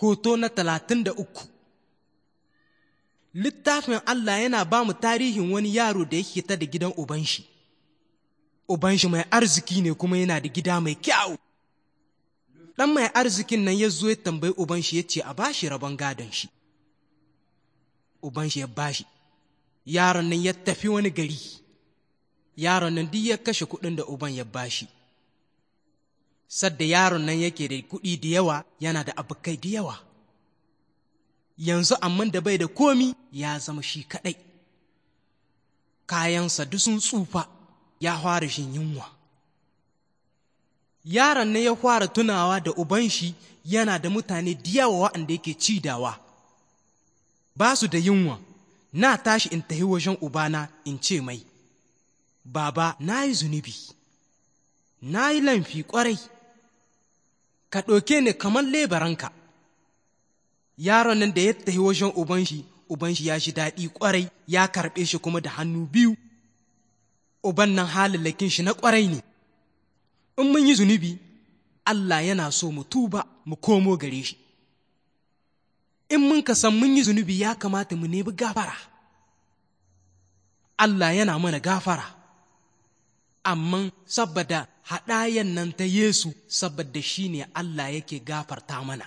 hoto na talatin da uku littafin Allah yana ba mu tarihin wani yaro da yake ta da gidan ubanshi ubanshi mai arziki ne kuma yana da gida mai kyau ɗan mai arzikin nan ya zo ya tambayi ubanshi ya ce a bashi rabon gadon shi ubanshi ya bashi yaron nan ya tafi wani gari yaron nan duk ya kashe kuɗin da uban ya bashi sadda yaron nan yake da kuɗi da yawa yana da abokai da yawa yanzu amma da bai da komi ya zama shi kaɗai kayansa duk sun tsufa ya fara shin yunwa yaron nan ya fara tunawa da uban shi yana da mutane da yawa waɗanda yake cidawa ba su da yunwa na tashi in tahi wajen ubana in ce mai baba na yi zunubi na yi lamfi ƙwarai ka ɗauke ni kamar lebaranka yaron nan da ya tahi wajen uban shi uban shi ya shi daɗi ƙwarai ya karɓe shi kuma da hannu biyu uban nan halilakin shi na ƙwarai ne in mun yi zunubi Allah yana so mu tuba mu komo gare shi in mun ka san mun yi zunubi ya kamata mu nemi gafara Allah yana mana gafara amma saboda haɗayan nan ta Yesu saboda shi ne Allah yake gafarta mana